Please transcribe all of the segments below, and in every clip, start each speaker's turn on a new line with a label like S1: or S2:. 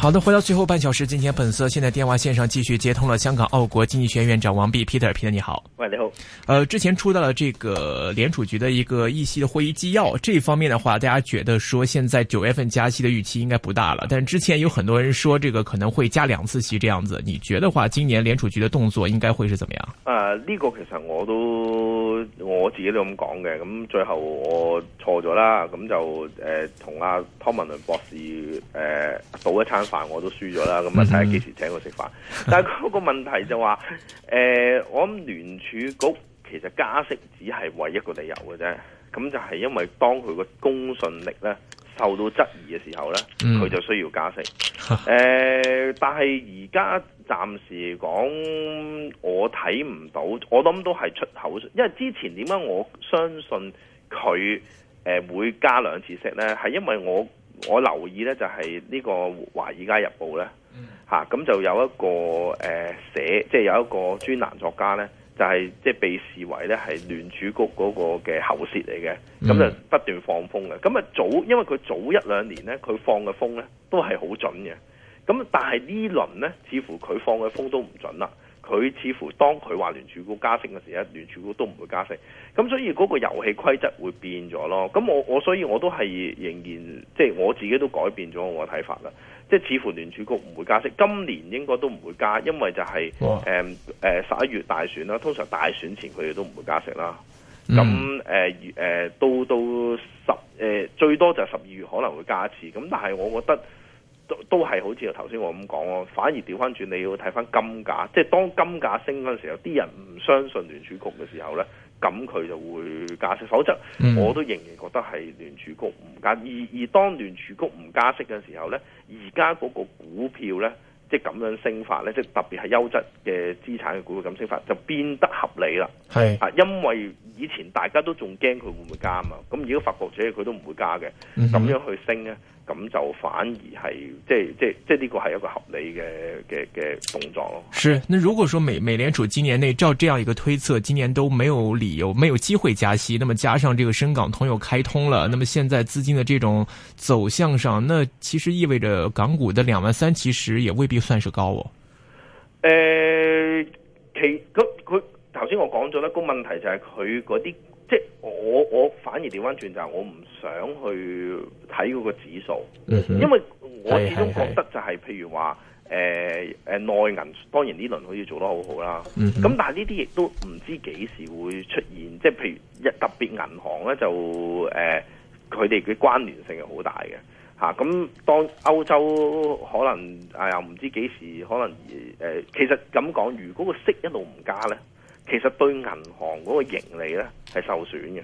S1: 好的，回到最後半小時金錢本色，現在電話線上繼續接通了香港澳國經濟學院院長王弼 Peter Peter，你好。喂，你好，呃，之前出到了這個聯儲局的一個議息的會議紀要，這一方面的話，大家覺得說現在九月份加息的預期應該不大了，但是之前有很多人說這個可能會加兩次息這樣子，你覺得話今年聯儲局的動作應該會是怎麼樣？呃，
S2: 呢個其實我都我自己都咁講嘅，咁最後我錯咗啦，咁就誒同阿湯文倫博士誒、呃、賭一餐。飯我都輸咗啦，咁啊，睇下幾時請我食飯。 但係嗰個問題就話，誒、呃、我諗聯儲局其實加息只係為一個理由嘅啫，咁就係因為當佢個公信力咧受到質疑嘅時候咧，佢就需要加息。誒、 呃，但係而家暫時講，我睇唔到，我諗都係出口，因為之前點解我相信佢誒會加兩次息咧，係因為我。我留意咧就係呢個華爾街日報咧，嚇咁就有一個誒寫，即係有一個專欄作家咧，就係即係被視為咧係聯儲局嗰個嘅喉舌嚟嘅，咁就不斷放風嘅。咁啊早，因為佢早一兩年咧，佢放嘅風咧都係好準嘅。咁但係呢輪咧，似乎佢放嘅風都唔準啦。佢似乎當佢話聯儲局加息嘅時候，聯儲局都唔會加息，咁所以嗰個遊戲規則會變咗咯。咁我我所以我都係仍然即係我自己都改變咗我嘅睇法啦。即係似乎聯儲局唔會加息，今年應該都唔會加，因為就係誒誒十一月大選啦。通常大選前佢哋都唔會加息啦。咁誒誒到到十誒、呃、最多就十二月可能會加一次。咁但係我覺得。都都係好似頭先我咁講咯，反而調翻轉你要睇翻金價，即係當金價升嗰陣時候，啲人唔相信聯儲局嘅時候呢，咁佢就會加息。否則，嗯，我都仍然覺得係聯儲局唔加息。而而當聯儲局唔加息嘅時候呢，而家嗰個股票呢，即係咁樣升法呢，即係特別係優質嘅資產嘅股票咁升法，就變得合理啦。係啊，因為。以前大家都仲驚佢會唔會加嘛，咁如果發覺者佢都唔會加嘅，咁、嗯、樣去升呢，咁就反而係即係即係即係呢個係一個合理嘅嘅嘅動作咯。
S1: 是，那如果說美美聯儲今年內照這樣一個推測，今年都沒有理由、沒有機會加息，那麼加上這個深港通又開通了，那麼現在資金的這種走向上，那其實意味着港股的兩萬三其實也未必算是高、哦。
S2: 誒、欸，其佢佢。頭先我講咗咧，個問題就係佢嗰啲，即係我我反而調翻轉，就係我唔想去睇嗰個指數，mm-hmm. 因為我始終覺得就係、係 mm-hmm. 譬如話，誒誒內銀當然呢輪好似做得好好啦，咁、mm-hmm. 但係呢啲亦都唔知幾時會出現，即係譬如一特別銀行咧就誒，佢哋嘅關聯性係好大嘅嚇。咁、啊、當歐洲可能啊、哎、又唔知幾時可能誒、呃，其實咁講，如果個息一路唔加咧？其實對銀行嗰個盈利呢係受損嘅，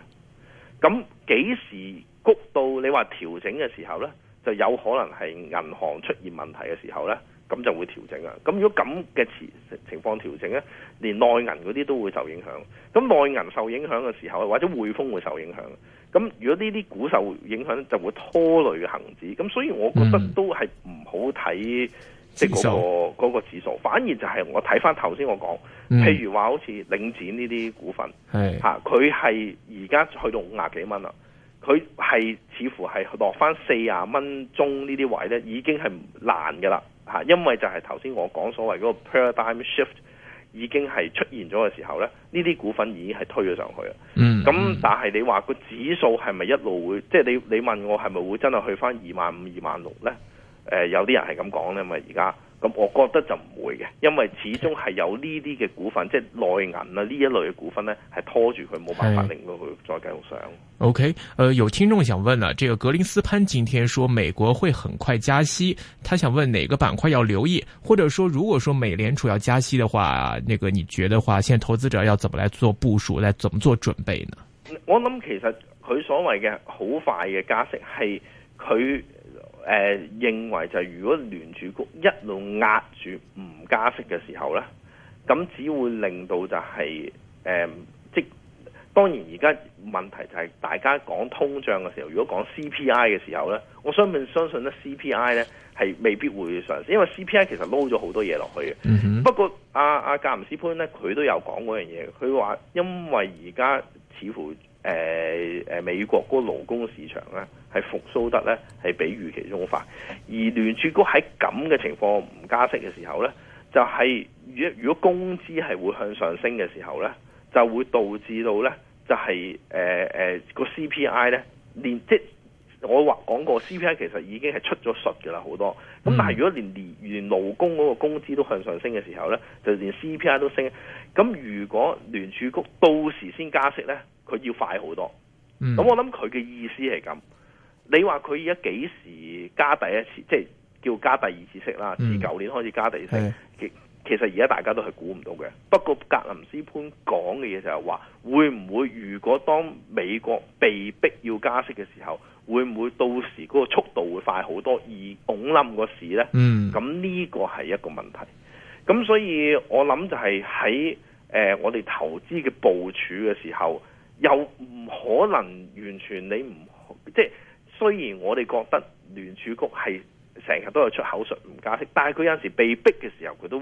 S2: 咁幾時谷到你話調整嘅時候呢，就有可能係銀行出現問題嘅時候呢，咁就會調整啊。咁如果咁嘅情況調整呢，連內銀嗰啲都會受影響。咁內銀受影響嘅時候，或者匯豐會受影響。咁如果呢啲股受影響，就會拖累恒指。咁所以我覺得都係唔好睇。即係嗰個嗰個指數，反而就係我睇翻頭先我講，嗯，譬如話好似領展呢啲股份，嚇佢係而家去到五廿幾蚊啦，佢係似乎係落翻四廿蚊中呢啲位咧，已經係難嘅啦嚇，因為就係頭先我講所謂嗰個 paradigm shift 已經係出現咗嘅時候咧，呢啲股份已經係推咗上去啦。咁，嗯、但係你話個指數係咪一路會，即係你你問我係咪會真係去翻二萬五、二萬六咧？誒、呃，有啲人係咁講咧，咪而家咁，我覺得就唔會嘅，因為始終係有呢啲嘅股份，即係內銀啊呢一類嘅股份咧，係拖住佢冇辦法令到佢再繼續上。
S1: OK，呃，有聽眾想問呢這個格林斯潘今天說美國會很快加息，他想問哪個板塊要留意？或者說，如果說美聯儲要加息的話，那個你覺得話，現在投資者要怎麼來做部署，來怎麼做準備呢？
S2: 我諗其實佢所謂嘅好快嘅加息係佢。誒、呃、認為就係如果聯儲局一路壓住唔加息嘅時候呢，咁只會令到就係、是、誒、呃、即係當然而家問題就係大家講通脹嘅時候，如果講 CPI 嘅時候呢，我相信相信呢 CPI 呢係未必會上升，因為 CPI 其實撈咗好多嘢落去嘅、嗯。不過阿、啊、阿、啊、格林斯潘呢，佢都有講嗰樣嘢，佢話因為而家似乎。誒、呃、誒美國嗰個勞工市場咧，係復甦得咧，係比預期中快。而聯儲局喺咁嘅情況唔加息嘅時候咧，就係如果如果工資係會向上升嘅時候咧，就會導致到咧就係誒誒個 CPI 咧連即我話講過，CPI 其實已經係出咗率嘅啦好多。咁但係如果連連連勞工嗰個工資都向上升嘅時候咧，就連 CPI 都升。咁如果聯儲局到時先加息咧？佢要快好多，
S1: 咁、嗯、我諗
S2: 佢嘅意思係咁，你話佢而家幾時加第一次，即係叫加第二次息啦，自舊年開始加第二次息、嗯，其其實而家大家都係估唔到嘅、嗯。不過格林斯潘講嘅嘢就係話，會唔會如果當美國被逼要加息嘅時候，會唔會到時嗰個速度會快好多而拱冧個市呢？咁、嗯、呢個係一個問題。咁所以我諗就係喺、呃、我哋投資嘅部署嘅時候。又唔可能完全你唔，即係，雖然我哋覺得聯儲局係成日都有出口術唔加息，但係佢有陣時被逼嘅時候，佢都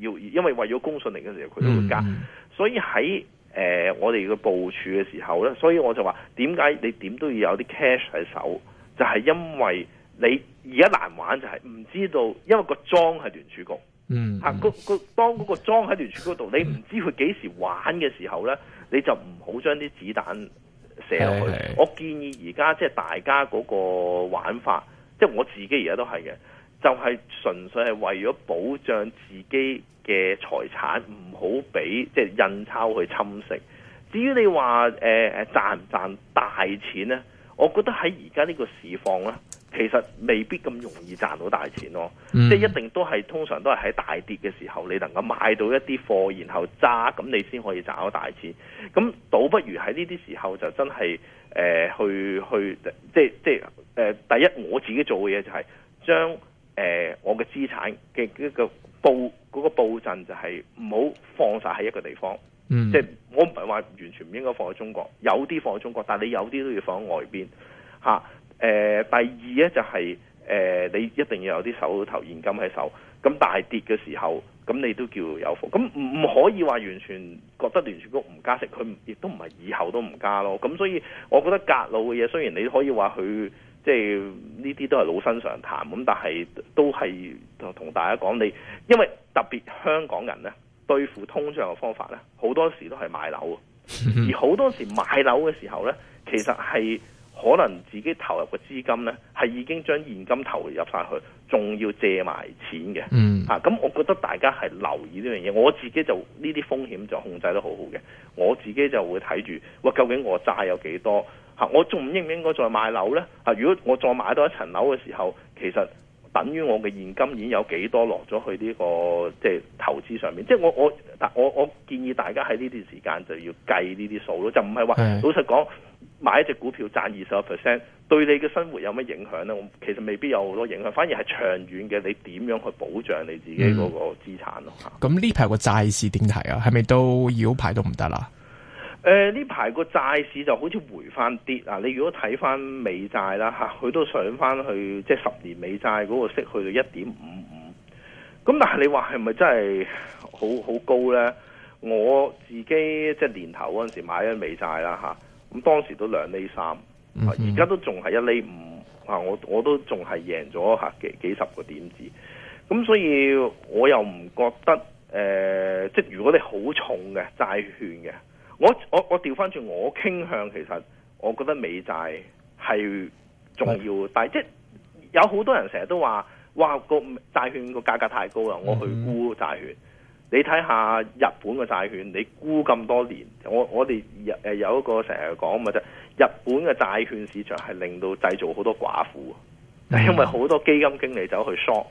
S2: 要因為為咗公信力嘅時候，佢都會加。嗯、所以喺誒、呃、我哋嘅部署嘅時候咧，所以我就話點解你點都要有啲 cash 喺手，就係、是、因為你而家難玩就係唔知道，因為個莊係聯儲局。嗯，吓嗰嗰當嗰個裝喺聯儲嗰度，你唔知佢幾時玩嘅時候呢，你就唔好將啲子彈射落去。我建議而家即係大家嗰個玩法，即係我自己而家都係嘅，就係純粹係為咗保障自己嘅財產，唔好俾即係印鈔去侵蝕。至於你話誒賺唔賺大錢呢，我覺得喺而家呢個市況呢。其實未必咁容易賺到大錢咯，即係一定都係通常都係喺大跌嘅時候，你能夠買到一啲貨，然後揸，咁你先可以賺到大錢。咁倒不如喺呢啲時候就真係誒、呃，去去即係即係誒，第一我自己做嘅嘢就係、是、將誒、呃、我嘅資產嘅一、嗰個布嗰、嗰個布陣就係唔好放晒喺一個地方，嗯、即係我唔係話完全唔應該放喺中國，有啲放喺中國，但係你有啲都要放喺外邊吓。誒、呃、第二咧就係、是、誒、呃、你一定要有啲手頭現金喺手，咁大跌嘅時候，咁你都叫有福。咁唔唔可以話完全覺得聯儲局唔加息，佢亦都唔係以後都唔加咯。咁所以，我覺得隔路嘅嘢，雖然你可以話佢即係呢啲都係老生常談，咁但係都係同大家講你，因為特別香港人咧對付通脹嘅方法咧，好多時都係買樓，而好多時買樓嘅時候咧，其實係。可能自己投入嘅資金呢，係已經將現金投入晒去，仲要借埋錢嘅。嗯、mm. 啊，嚇咁，我覺得大家係留意呢樣嘢。我自己就呢啲風險就控制得好好嘅。我自己就會睇住，喂，究竟我債有幾多嚇、啊？我仲應唔應該再買樓呢？嚇、啊！如果我再買多一層樓嘅時候，其實等於我嘅現金已經有幾多落咗去呢、呢個即係投資上面。即係我我。我但我我建議大家喺呢段時間就要計呢啲數咯，就唔係話老實講買一隻股票賺二十個 percent，對你嘅生活有乜影響咧？其實未必有好多影響，反而係長遠嘅，你點樣去保障你自己嗰個資產咯？
S1: 咁呢排個債市點睇啊？係咪都要排都唔得啦？
S2: 誒、呃，呢排個債市就好似回翻啲啊！你如果睇翻美債啦嚇，佢都上翻去，即係十年美債嗰個息去到一點五。咁但係你話係咪真係好好高呢？我自己即係年頭嗰陣時買咗美債啦，吓咁當時都兩厘三，而、嗯、家都仲係一厘五，啊我我都仲係贏咗吓幾幾十個點子。咁所以我又唔覺得誒、呃，即係如果你好重嘅債券嘅，我我我調翻轉，我傾向其實我覺得美債係重要，嗯、但係即有好多人成日都話。哇！個債券個價格太高啦，我去沽債券。嗯、你睇下日本嘅債券，你沽咁多年，我我哋有一個成日講咪就日本嘅債券市場係令到製造好多寡婦，因為好多基金經理走去 short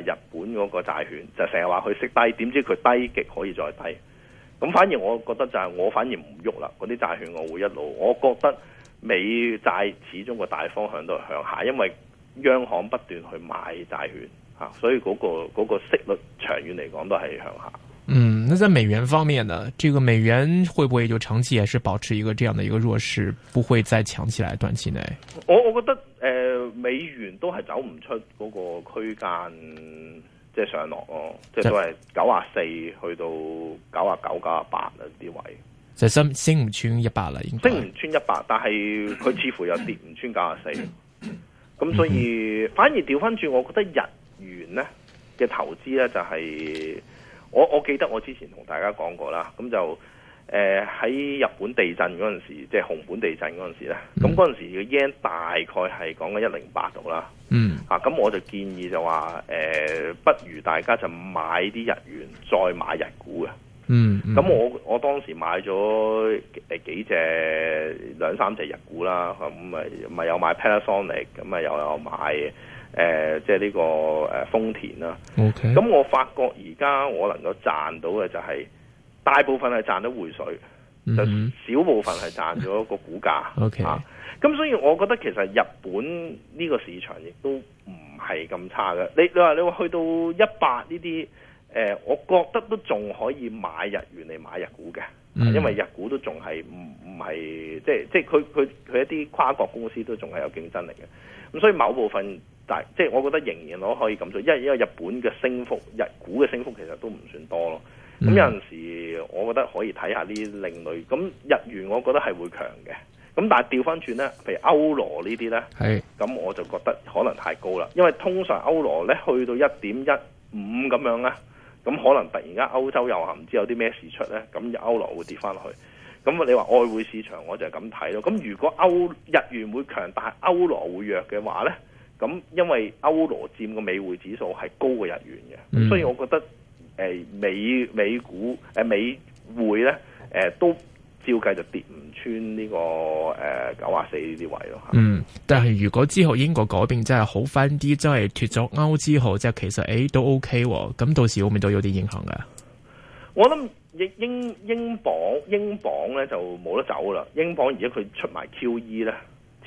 S2: 日本嗰個債券，就成日話佢息低，點知佢低極可以再低。咁反而我覺得就係、是、我反而唔喐啦，嗰啲債券我會一路，我覺得美債始終個大方向都係向下，因為。央行不斷去買債券，吓，所以嗰、那個嗰、那個息率長遠嚟講都係向下。嗯，
S1: 那在美元方面呢？這個美元會不會就長期也是保持一個這樣的一個弱勢，不會再強起來？短期內，
S2: 我我覺得誒、呃，美元都係走唔出嗰個區間，即係上落哦，即係都係九啊四去到九啊九、九啊八嗰啲位。
S1: 就 升升唔穿一百啦，已經升
S2: 唔穿一百，但係佢似乎又跌唔穿九啊四。咁所以反而調翻轉，我覺得日元呢嘅投資呢、就是，就係我我記得我之前同大家講過啦，咁就誒喺、呃、日本地震嗰陣時，即係熊本地震嗰陣時呢，咁嗰陣時嘅 yen 大概係講緊一零八度啦。嗯，啊，咁我就建議就話誒、呃，不如大家就買啲日元，再買日股嘅。嗯，咁、嗯、我我當時買咗誒幾，幾隻兩三隻日股啦，咁咪咪有買 Panasonic，咁啊又有買、呃、即係、這、呢個誒豐田啦。O K，咁我發覺而家我能夠賺到嘅就係大部分係賺咗回水，嗯、就少部分係賺咗個股價。O K，咁所以我覺得其實日本呢個市場亦都唔係咁差嘅。你你話你話去到一百呢啲。誒、呃，我覺得都仲可以買日元嚟買日股嘅、嗯，因為日股都仲係唔唔係即係即係佢佢佢一啲跨國公司都仲係有競爭力嘅。咁所以某部分即係我覺得仍然我可以咁做，因為因為日本嘅升幅日股嘅升幅其實都唔算多咯。咁有陣時我覺得可以睇下呢啲另類。咁日元我覺得係會強嘅。咁但係調翻轉咧，譬如歐羅呢啲咧，咁我就覺得可能太高啦，因為通常歐羅咧去到一點一五咁樣啦。咁可能突然間歐洲又話唔知有啲咩事出呢？咁歐羅會跌翻落去。咁你話外匯市場我就咁睇咯。咁如果歐日元會強，但係歐羅會弱嘅話呢，咁因為歐羅佔個美匯指數係高過日元嘅、嗯，所以我覺得、呃、美美股、呃、美匯呢、呃，都照計就跌。穿呢、這個誒九啊四呢啲位咯，嗯，
S1: 但係如果之後英國改變真係好翻啲，真係脫咗歐之後，即係其實誒、欸、都 OK 喎、哦，咁到時會唔會都有啲影響噶？
S2: 我諗英英英鎊英鎊咧就冇得走啦，英鎊而家佢出埋 QE 咧，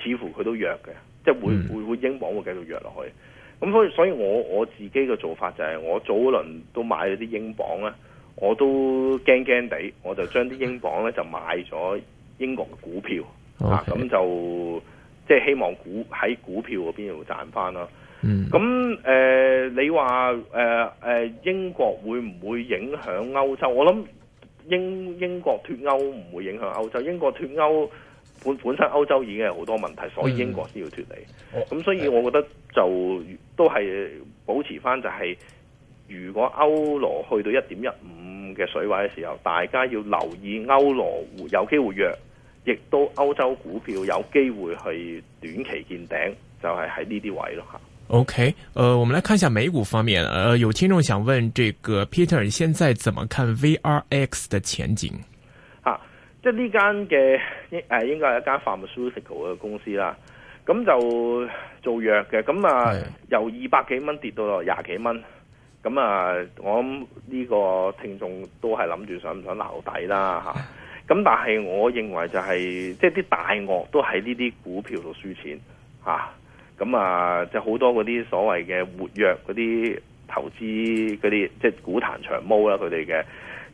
S2: 似乎佢都弱嘅，嗯、即係會會英會英鎊會繼續弱落去。咁所以所以我我自己嘅做法就係、是、我早嗰輪都買咗啲英鎊咧，我都驚驚地，我就將啲英鎊咧就買咗、嗯。英國嘅股票
S1: ，okay. 啊，咁
S2: 就即係、就是、希望股喺股票嗰邊要賺翻啦。咁、mm. 誒、呃，你話誒誒，英國會唔會影響歐洲？我諗英英國脫歐唔會影響歐洲。英國脫歐本本身歐洲已經有好多問題，所以英國先要脫離。咁、mm. 所以我覺得就都係保持翻、就是，就係如果歐羅去到一點一五嘅水位嘅時候，大家要留意歐羅有機會弱。亦都歐洲股票有機會去短期見頂，就係喺呢啲位咯吓。
S1: OK，呃，我們來看一下美股方面。呃，有聽眾想問，這個 Peter 現在怎麼看 VRX 的前景？
S2: 啊，即係呢間嘅誒，應該係一間 pharmaceutical 嘅公司啦。咁就做藥嘅，咁啊由二百幾蚊跌到落廿幾蚊。咁啊，我呢個聽眾都係諗住想唔想撈底啦吓。啊咁但係，我認為就係即係啲大鱷都喺呢啲股票度輸錢吓，咁啊，即好多嗰啲所謂嘅活躍嗰啲投資嗰啲，即係股壇長毛啦，佢哋嘅，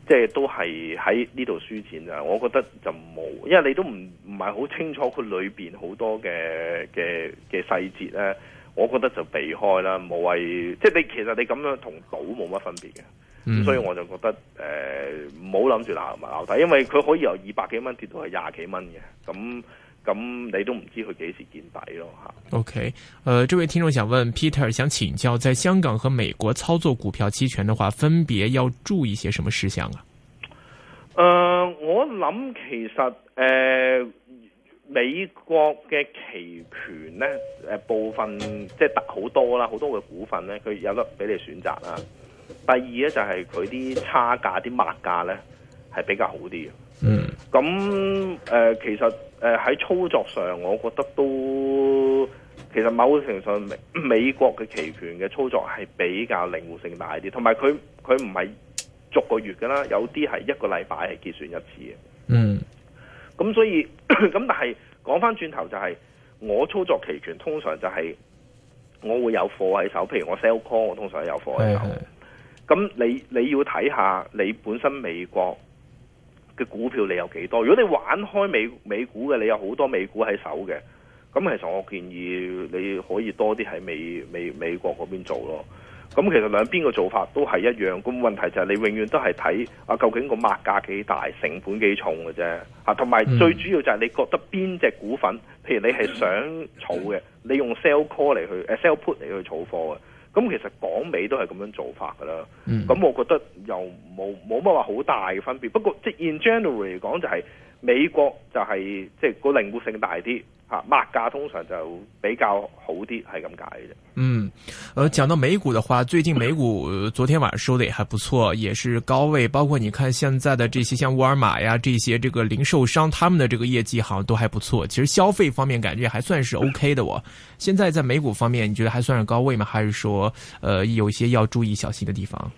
S2: 即係都係喺呢度輸錢啊！我覺得就冇，因為你都唔唔係好清楚佢裏邊好多嘅嘅嘅細節咧，我覺得就避開啦，冇謂，即係你其實你咁樣同賭冇乜分別嘅。嗯、所以我就覺得誒唔好諗住鬧埋鬧底，因為佢可以由二百幾蚊跌到係廿幾蚊嘅，咁咁你都唔知佢幾時見底咯嚇。
S1: OK，誒、呃，這位聽眾想問 Peter，想請教，在香港和美國操作股票期權的話，分別要注意些什麼事項啊？誒、
S2: 呃，我諗其實誒、呃、美國嘅期權咧，誒部分即係大好多啦，好多嘅股份咧，佢有得俾你選擇啦。第二咧就係佢啲差價、啲賣價咧係比較好啲嘅。嗯。咁、嗯、誒，其實誒喺操作上，我覺得都其實某程度上美美國嘅期權嘅操作係比較靈活性大啲，同埋佢佢唔係逐個月㗎啦，有啲係一個禮拜係結算一次嘅。嗯。咁、嗯、所以咁， 但係講返轉頭就係、是、我操作期權，通常就係我會有貨喺手，譬如我 sell call，我通常有貨喺手。咁你你要睇下你本身美國嘅股票你有幾多？如果你玩開美美股嘅，你有好多美股喺手嘅。咁其實我建議你可以多啲喺美美美國嗰邊做咯。咁其實兩邊嘅做法都係一樣。咁、那個、問題就係你永遠都係睇啊，究竟個買價幾大、成本幾重嘅啫。同、啊、埋最主要就係你覺得邊隻股份，譬如你係想儲嘅，你用 sell call 嚟去、啊、sell put 嚟去儲貨嘅。咁其實港美都係咁樣做法㗎啦，咁、嗯、我覺得又冇冇乜話好大嘅分別。不過即係 in general 嚟講就係、是。美國就係即係個靈活性大啲吓，物價通常就比較好啲，係咁解嘅。
S1: 嗯，呃，講到美股嘅話，最近美股昨天晚上收得也還不錯，也是高位。包括你看現在的這些，像沃爾瑪呀，這些這個零售商，他們的這個業績好像都還不錯。其實消費方面感覺還算是 OK 的我。我現在在美股方面，你覺得還算是高位嗎？還是說，呃，有一些要注意小心嘅地方？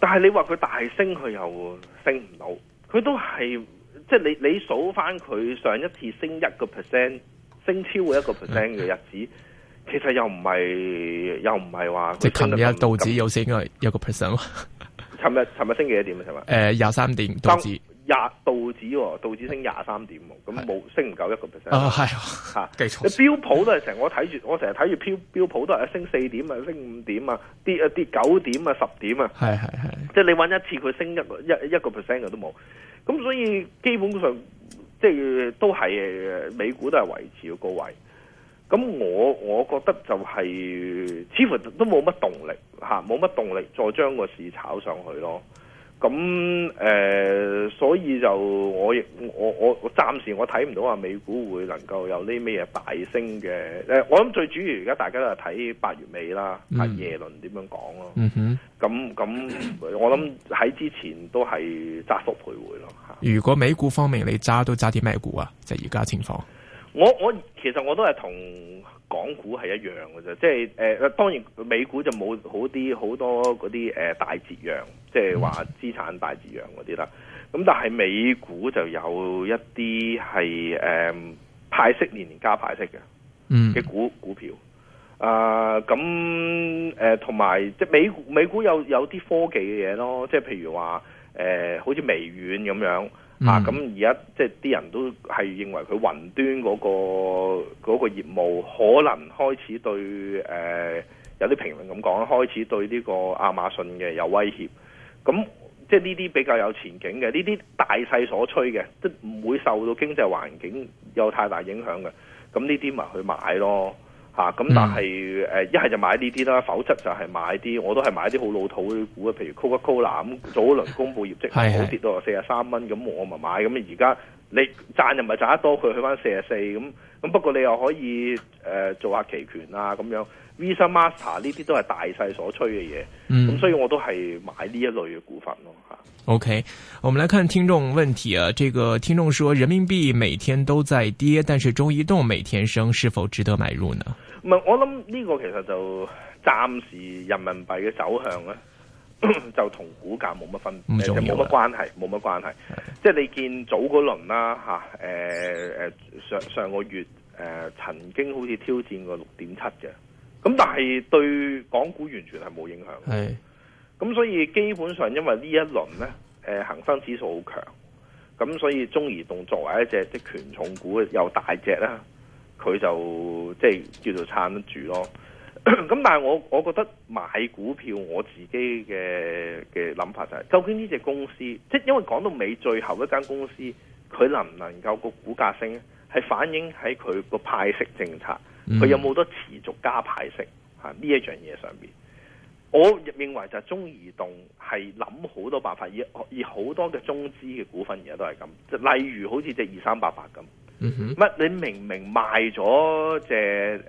S2: 但係你話佢大升，佢又升唔到，佢都係。即係你你數翻佢上一次升一個 percent，升超過一個 percent 嘅日子，嗯、其實又唔係又唔係話。即係琴日道指
S1: 有升個有個 percent 咯。
S2: 琴 日琴日升幾多點啊？係嘛、呃？誒，
S1: 廿三點道指。
S2: 廿道指、哦，道指升廿三點，咁冇升唔夠一個 percent。啊，係嚇，記錯。你標普都係成，我睇住，我成日睇住標標普都係升四點啊，升五點啊，跌一跌九點啊，十點啊。係係
S1: 係。
S2: 即係、就是、你搵一次佢升一個一一個 percent 嘅都冇，咁所以基本上即係都係美股都係維持個高位。咁我我覺得就係、是、似乎都冇乜動力嚇，冇、啊、乜動力再將個市炒上去咯。咁誒，嗯嗯、所以就我亦我我我暫時我睇唔到話美股會能夠有啲咩嘢大升嘅。誒，我諗最主要而家大家都係睇八月尾啦，阿耶倫點樣講咯，咁咁、嗯嗯、我諗喺之前都係窄幅徘徊咯。
S1: 如果美股方面你揸都揸啲咩股啊？即係而家情況，
S2: 我我其實我都係同。港股係一樣嘅啫，即係誒、呃、當然美股就冇好啲好多嗰啲誒大折讓，即係話資產大折讓嗰啲啦。咁但係美股就有一啲係誒派息年年加派息嘅嘅股，嗯、股票啊。咁誒同埋即係美股美股有有啲科技嘅嘢咯，即係譬如話。誒、呃，好似微軟咁樣、嗯、啊，咁而家即係啲人都係認為佢雲端嗰個嗰個業務可能開始對誒、呃、有啲評論咁講，開始對呢個亞馬遜嘅有威脅。咁即係呢啲比較有前景嘅，呢啲大勢所趨嘅，即唔會受到經濟環境有太大影響嘅。咁呢啲咪去買咯。嚇、啊，咁但係誒，一、嗯、係、呃、就買呢啲啦，否則就係買啲，我都係買啲好老土嘅股啊，譬如 Coca Cola 咁，早輪公布業績係好跌到四十三蚊，咁我咪買，咁而家你賺又咪賺得多，佢去翻四十四，咁咁不過你又可以誒、呃、做下期權啊，咁樣。Visa、Master 呢啲都係大勢所趨嘅嘢，咁所以我都係買呢一類嘅股份咯吓。
S1: OK，我們來看聽眾問題啊，這個聽眾說人民幣每天都在跌，但是中移動每天升，是否值得買入呢？
S2: 唔係，我諗呢個其實就暫時人民幣嘅走向咧、啊， 就同股價冇乜分，冇乜關係，冇乜關係。嗯、即係你見早嗰輪啦、啊、吓，誒、呃、誒，上上個月誒、呃、曾經好似挑戰過六點七嘅。咁但係對港股完全係冇影響的，係咁所以基本上因為呢一輪咧，誒、呃、恒生指數好強，咁所以中移動作為一隻即權重股又大隻啦，佢就即係叫做撐得住咯。咁 但係我我覺得買股票我自己嘅嘅諗法就係、是，究竟呢隻公司，即係因為講到尾最後一間公司，佢能唔能夠個股價升咧，係反映喺佢個派息政策。佢、嗯、有冇多持續加派息？嚇呢一樣嘢上邊，我認為就係中移動係諗好多辦法，而而好多嘅中資嘅股份而家都係咁。例如好似隻二三八八咁，乜、嗯、你明明賣咗隻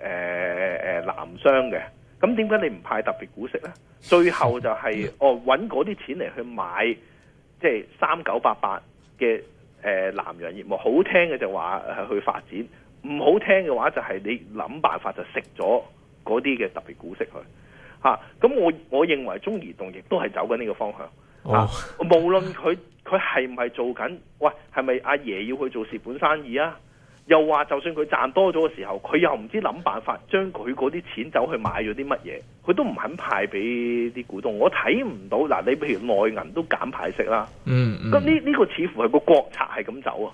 S2: 誒誒南商嘅，咁點解你唔派特別股息咧？最後就係、是嗯、哦搵嗰啲錢嚟去買即係三九八八嘅誒南洋業務，好聽嘅就話去發展。唔好聽嘅話就係、是、你諗辦法就食咗嗰啲嘅特別股息佢吓。咁、啊、我我認為中移動亦都係走緊呢個方向，啊 oh。無論佢佢係唔係做緊，喂係咪阿爺要去做蝕本生意啊？又話就算佢賺多咗嘅時候，佢又唔知諗辦法將佢嗰啲錢走去買咗啲乜嘢，佢都唔肯派俾啲股東，我睇唔到嗱、啊，你譬如內銀都減派息啦，咁呢呢個似乎係個國策係咁走啊。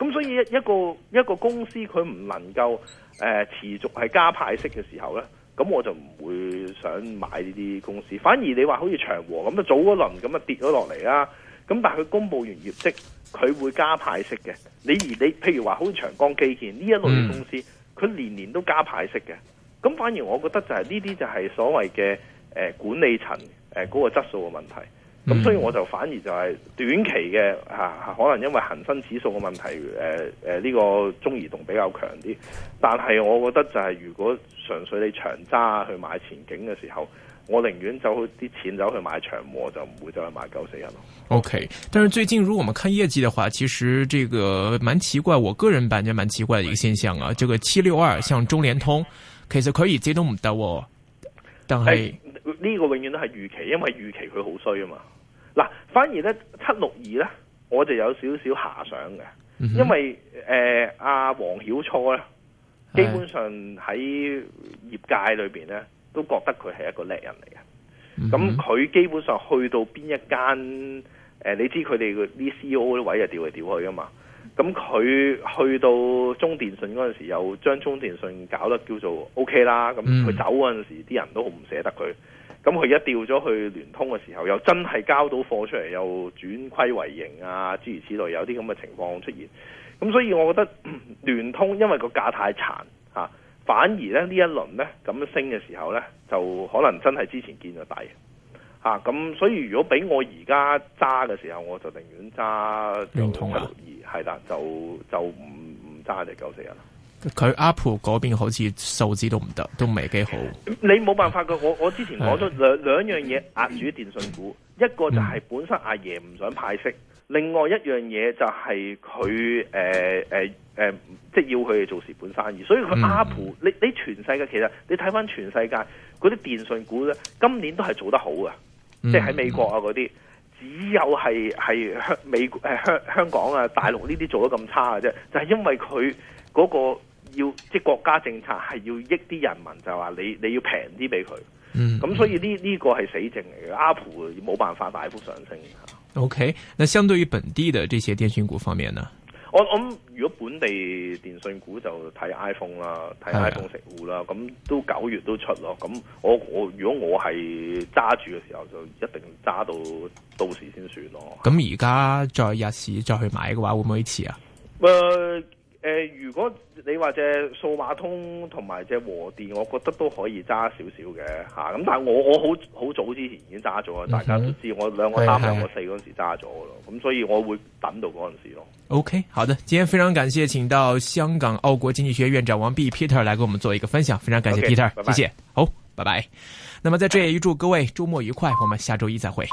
S2: 咁所以一一個一個公司佢唔能夠誒、呃、持續係加派息嘅時候呢，咁我就唔會想買呢啲公司。反而你話好似長和咁啊，早嗰輪咁啊跌咗落嚟啦。咁但係佢公布完業績，佢會加派息嘅。你而你譬如話好似長江基建呢一類嘅公司，佢年年都加派息嘅。咁反而我覺得就係呢啲就係所謂嘅誒、呃、管理層誒嗰、呃嗰個質素嘅問題。咁、嗯、所以我就反而就係短期嘅吓、啊，可能因為恒生指數嘅問題，誒誒呢個中移動比較強啲。但係我覺得就係如果純粹你長揸去買前景嘅時候，我寧願走啲錢走去買長和，我就唔會走去買九四一咯。
S1: OK，但係最近如果我們看業績嘅話，其實這個蠻奇怪，我個人感覺蠻奇怪嘅一個現象啊。這個七六二，像中聯通，其實佢業績都唔得，但係。哎
S2: 呢、這個永遠都係預期，因為預期佢好衰啊嘛。嗱，反而咧七六二咧，我就有少少遐想嘅、嗯，因為誒阿王曉初咧，
S1: 基本
S2: 上喺業界裏邊咧，都覺得佢係一個叻人嚟嘅。咁、嗯、佢基本上去到邊一間誒、呃，你知佢哋啲 C E O 啲位就，調嚟調去啊嘛。咁佢去到中電信嗰陣時，又將中電信搞得叫做 O K 啦。咁佢走嗰陣時，啲人都好唔捨得佢。咁佢一調咗去聯通嘅時候，又真係交到貨出嚟，又轉虧為盈啊！諸如此類，有啲咁嘅情況出現。咁所以，我覺得聯通因為個價太殘嚇，反而咧呢一輪呢，咁升嘅時候呢，就可能真係之前見咗底。啊，咁所以如果俾我而家揸嘅時候，我就寧願揸聯通啊，係啦，就就唔唔揸你九四
S1: 啊。佢阿蒲嗰邊好似數字都唔得，都未幾好。
S2: 你冇辦法噶，我我之前講咗兩兩樣嘢壓住電信股，嗯、一個就係本身阿爺唔想派息，嗯、另外一樣嘢就係佢誒誒誒，即係要佢哋做蝕本生意。所以佢阿蒲，你你全世界其實你睇翻全世界嗰啲電信股咧，今年都係做得好噶。即係喺美國啊嗰啲，嗯，只有係係香美誒香香港啊大陸呢啲做得咁差嘅啫，就係、是、因為佢嗰個要即係國家政策係要益啲人民，就話你你要平啲俾佢。咁，嗯、所以呢呢，這個係死症嚟嘅，阿蒲冇辦法大幅上升。
S1: OK，那相對於本地嘅這些電訊股方面呢？
S2: 我我如果本地電信股就睇 iPhone 啦，睇 iPhone 食戶啦，咁都九月都出咯。咁我我如果我係揸住嘅時候，就一定揸到到時先算咯。咁
S1: 而家再入市再去買嘅話，會唔會遲啊？
S2: 呃呃、如果你話隻數碼通同埋隻和電，我覺得都可以揸少少嘅吓。咁、啊、但係我我好好早之前已經揸咗，大家都知、嗯、我兩個三兩、嗯、個四嗰陣時揸咗咯。咁、嗯、所以我會等到嗰陣時咯。
S1: OK，好的，今天非常感謝請到香港澳國經濟學院長長王弼 Peter 來給我們做一個分享，非常感謝 Peter，okay, 謝，謝，bye bye 謝謝，好，拜拜。那麼在這裏預祝各位周末愉快，我們下周一再會。